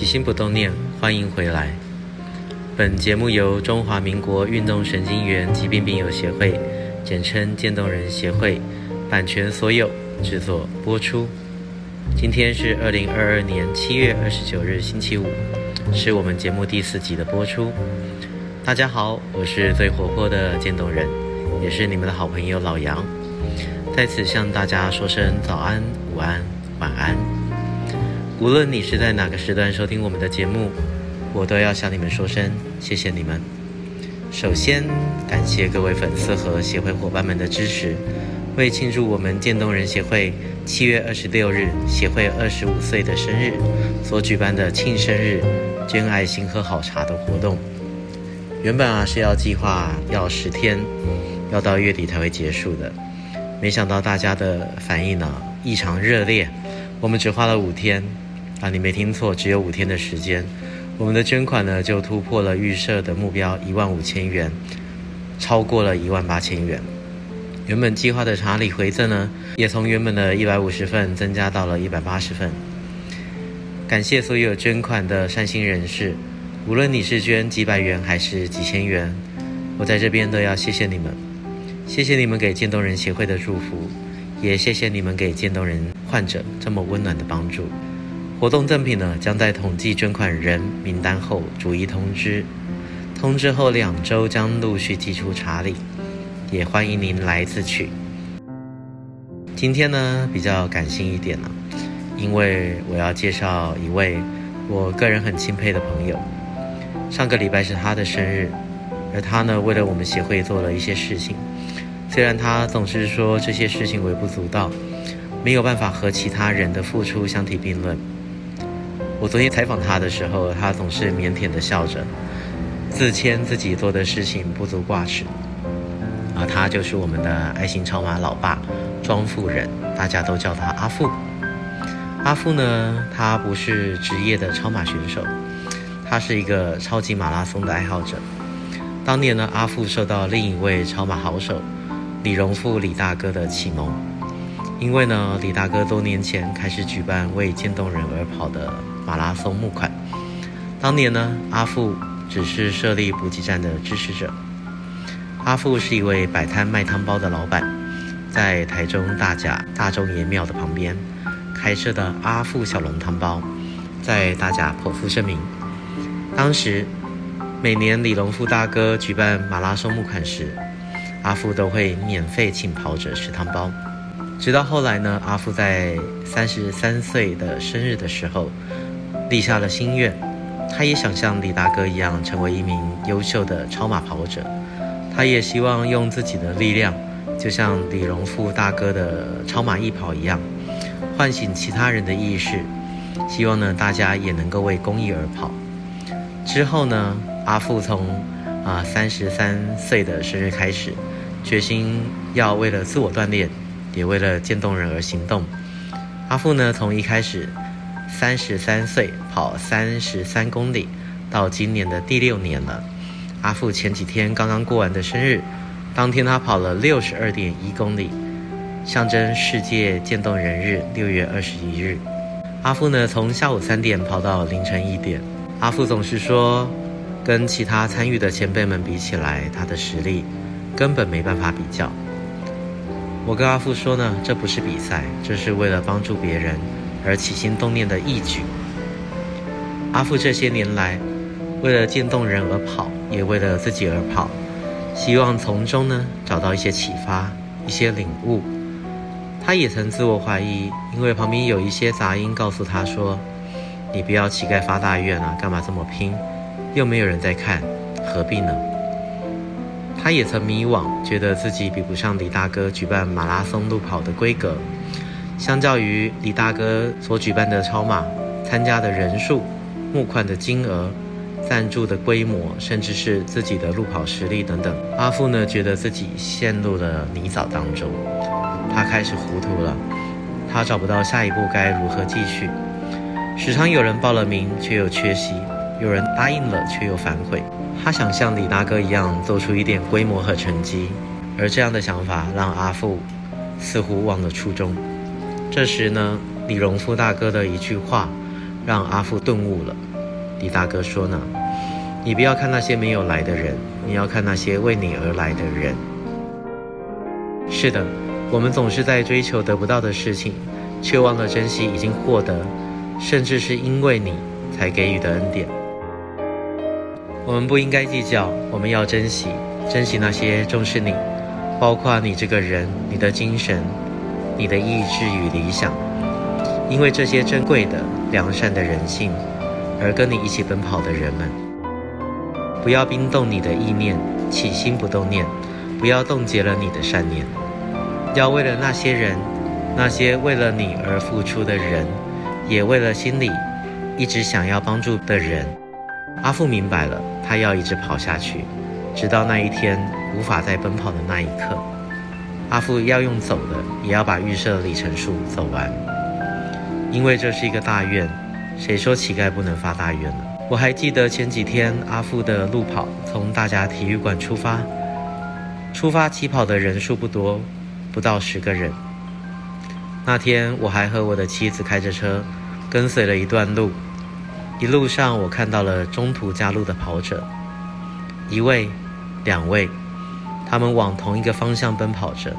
起心不凍念，歡迎回來。本節目由中華民國運動神經元疾病病友協會（簡稱漸凍人協會）版權所有，製作播出。今天是二零二二年七月二十九日星期五，是我們節目第四集的播出。大家好，我是最活潑的漸凍人，也是你們的好朋友老楊。在此向大家說聲早安、午安、晚安。無論你是在哪個時段收聽我們的節目，我都要向你們說聲謝謝你們。首先，感謝各位粉絲和協會夥伴們的支持。為慶祝我們漸凍人協會七月二十六日協會二十五歲的生日所舉辦的慶生日、捐愛心、喝好茶的活動，原本啊是要計劃要十天，要到月底才會結束的，沒想到大家的反應呢、啊、異常熱烈，我們只花了五天。啊，你沒聽錯，只有五天的時間，我們的捐款呢就突破了預設的目標一萬五千元，超過了一萬八千元。原本計劃的查理回贈呢，也從原本的一百五十份增加到了一百八十份。感謝所有捐款的善心人士，無論你是捐幾百元還是幾千元，我在這邊都要謝謝你們，謝謝你們給漸凍人協會的祝福，也謝謝你們給漸凍人患者這麼溫暖的幫助。活動贈品呢，將在統計捐款人名單後逐一通知。通知後兩周將陸續寄出查理，也歡迎您來自取。今天呢比較感性一點了，因為我要介紹一位我個人很欽佩的朋友。上個禮拜是他的生日，而他呢為了我們協會做了一些事情。雖然他總是說這些事情微不足道，沒有辦法和其他人的付出相提並論。我昨天採訪他的時候，他總是靦腆地笑着，自謙自己做的事情不足掛齒。而他就是我們的愛心超馬老爸莊富仁。大家都叫他阿富。阿富呢，他不是職業的超馬選手，他是一個超級馬拉松的愛好者。當年呢，阿富受到另一位超馬好手李榮富（李大哥）的啟蒙。因為呢，李大哥多年前開始舉辦為漸凍人而跑的馬拉松募款。當年呢，阿富只是設立補給站的支持者。阿富是一位擺攤賣湯包的老板，在台中大甲大眾爺廟的旁邊開設的阿富小籠湯包，在大甲頗負盛名。當時每年李龍富大哥舉辦馬拉松募款時，阿富都會免費請跑者吃湯包。直到後來呢，阿富在三十三歲的生日的時候立下了心願，他也想像李大哥一樣成為一名優秀的超馬跑者，他也希望用自己的力量，就像李榮富大哥的超馬一跑一樣，喚醒其他人的意識，希望呢大家也能夠為公益而跑。之後呢，阿富從啊三十三歲的生日開始，決心要為了自我鍛鍊。也為了漸凍人而行動。阿富呢，從一開始三十三歲跑三十三公里，到今年的第六年了。阿富前幾天剛剛過完的生日，當天他跑了六十二點一公里，象徵世界漸凍人日六月二十一日。阿富呢，從下午三點跑到凌晨一點。阿富總是說，跟其他參與的前輩們比起來，他的實力根本沒辦法比較。我跟阿富說呢，這不是比賽，這是為了幫助別人而起心動念的義舉。阿富這些年來，為了漸凍人而跑，也為了自己而跑，希望從中呢找到一些啟發、一些領悟。他也曾自我懷疑，因為旁邊有一些雜音告訴他說：“你不要乞丐發大願啊，幹嘛這麼拼？又沒有人在看，何必呢？”他也曾迷惘，覺得自己比不上李大哥舉辦馬拉松路跑的規格。相較於李大哥所舉辦的超馬，參加的人數、募款的金額、贊助的規模，甚至是自己的路跑實力等等，阿富呢，覺得自己陷入了泥沼當中。他開始糊塗了，他找不到下一步該如何繼續。時常有人報了名卻又缺席，有人答應了卻又反悔。他想像李大哥一樣做出一點規模和成績，而這樣的想法讓阿富似乎忘了初衷。這時呢，李榮富大哥的一句話讓阿富頓悟了。李大哥說呢：“你不要看那些沒有來的人，你要看那些為你而來的人。”是的，我們總是在追求得不到的事情，卻忘了珍惜已經獲得，甚至是因為你才給予的恩典。我們不應該計較，我們要珍惜，珍惜那些重視你，包括你這個人、你的精神、你的意志與理想，因為這些珍貴的良善的人性，而跟你一起奔跑的人們，不要冰凍你的意念，起心不凍念，不要凍結了你的善念，要為了那些人，那些為了你而付出的人，也為了心裡一直想要幫助的人。阿富明白了，他要一直跑下去，直到那一天無法再奔跑的那一刻。阿富要用走的，也要把預設的里程數走完，因為這是一個大願。誰說乞丐不能發大願呢？我還記得前幾天阿富的路跑，從大甲體育館出發，出發起跑的人數不多，不到十個人。那天我還和我的妻子開着車，跟隨了一段路。一路上，我看到了中途加入的跑者，一位、兩位，他們往同一個方向奔跑着，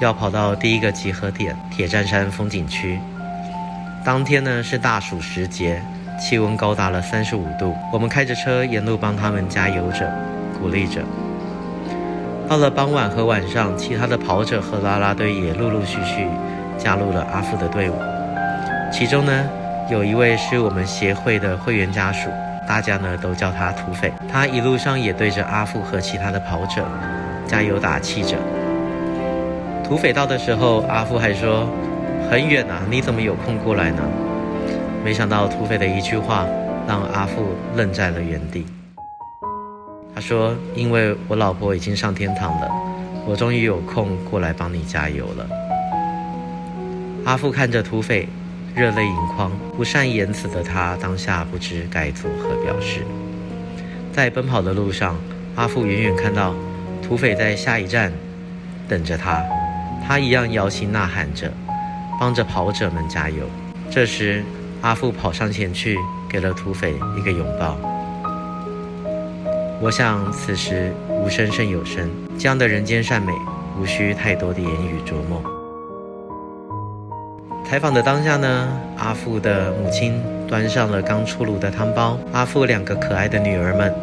要跑到第一個集合點——鐵站山風景區。當天呢，是大暑時節，氣溫高達了三十五度。我們開着車沿路幫他們加油着，鼓勵着。到了傍晚和晚上，其他的跑者和啦啦隊也陸陸續續加入了阿富的隊伍，其中呢，有一位是我們協會的會員家屬，大家呢都叫他土匪。他一路上也對着阿富和其他的跑者加油打氣着。土匪到的時候，阿富還說：“很遠啊，你怎麼有空過來呢？”沒想到土匪的一句話讓阿富愣在了原地。他說：“因為我老婆已經上天堂了，我終於有空過來幫你加油了。”阿富看着土匪。熱淚盈眶，不善言辭的他當下不知該作何表示。在奔跑的路上，阿富遠遠看到土匪在下一站等着他，他一樣搖旗吶喊着，幫着跑者們加油。這時，阿富跑上前去，給了土匪一個擁抱。我想，此時無聲勝有聲，這樣的人間善美，無需太多的言語琢磨。採訪的當下呢，阿富的母親端上了剛出爐的湯包。阿富兩個可愛的女兒們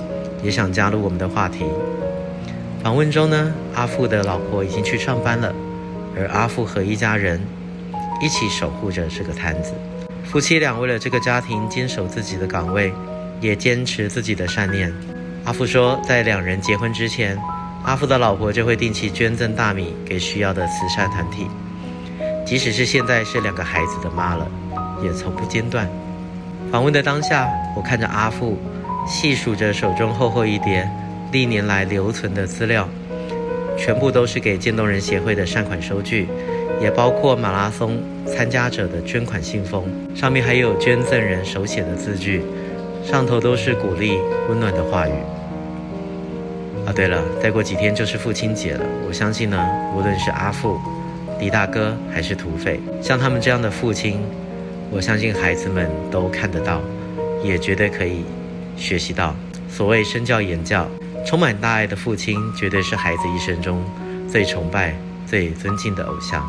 也想加入我們的話題。訪問中呢，阿富的老婆已經去上班了，而阿富和一家人一起守護着這個攤子。夫妻倆為了這個家庭堅守自己的崗位，也堅持自己的善念。阿富說，在兩人結婚之前，阿富的老婆就會定期捐贈大米給需要的慈善團體。即使是現在是兩個孩子的媽了，也從不間斷。訪問的當下，我看着阿富，細數着手中厚厚一疊歷年來留存的資料，全部都是給漸凍人協會的善款收據，也包括馬拉松參加者的捐款信封，上面還有捐贈人手寫的字句，上頭都是鼓勵溫暖的話語。啊、哦，對了，再過幾天就是父親節了，我相信呢，無論是阿富。李大哥還是土匪，像他們這樣的父親，我相信孩子們都看得到，也絕對可以學習到。所謂身教言教，充滿大愛的父親，絕對是孩子一生中最崇拜、最尊敬的偶像。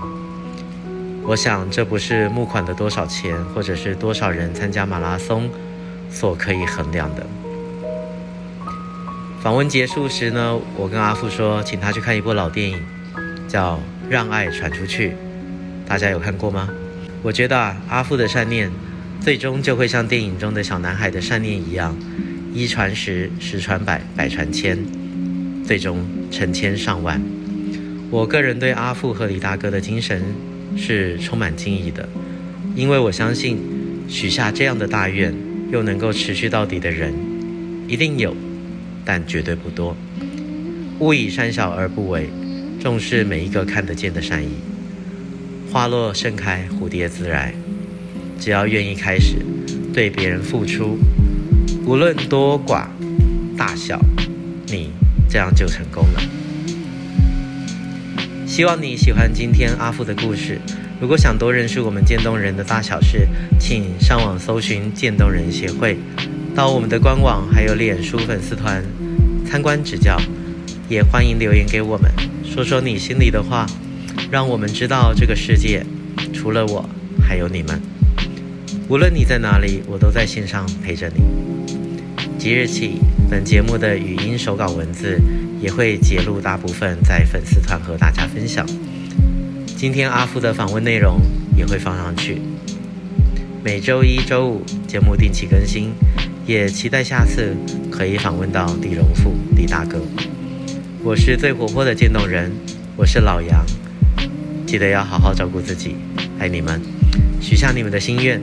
我想，這不是募款的多少錢，或者是多少人參加馬拉松所可以衡量的。訪問結束時呢，我跟阿富說，請他去看一部老電影，叫。讓愛傳出去，大家有看過嗎？我覺得啊，阿富的善念，最終就會像電影中的小男孩的善念一樣，一傳十，十傳百，百傳千，最終成千上萬。我個人對阿富和李大哥的精神是充滿敬意的，因為我相信，許下這樣的大願，又能夠持續到底的人，一定有，但絕對不多。勿以善小而不為。重視每一個看得見的善意，花若盛開，蝴蝶自來。只要願意開始，對別人付出，無論多寡、大小，你這樣就成功了。希望你喜歡今天阿富的故事。如果想多認識我們漸凍人的大小事，請上網搜尋漸凍人協會，到我們的官網還有臉書粉絲團參觀指教。也歡迎留言給我們，說說你心裡的話，讓我們知道這個世界除了我還有你們。無論你在哪裡，我都在線上陪着你。即日起，本節目的語音手稿文字也會截錄大部分在粉絲團和大家分享。今天阿富的訪問內容也會放上去。每周一、周五節目定期更新，也期待下次可以訪問到李榮富、李大哥。我是最活潑的漸凍人，我是老楊，記得要好好照顧自己，愛你們，許下你們的心願，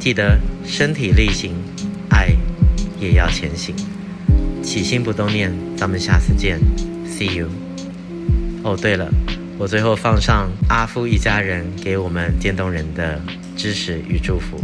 記得身體力行，愛也要前行，起心不動念，咱們下次見，see you。哦、oh, 對了，我最後放上阿富一家人給我們漸凍人的支持與祝福。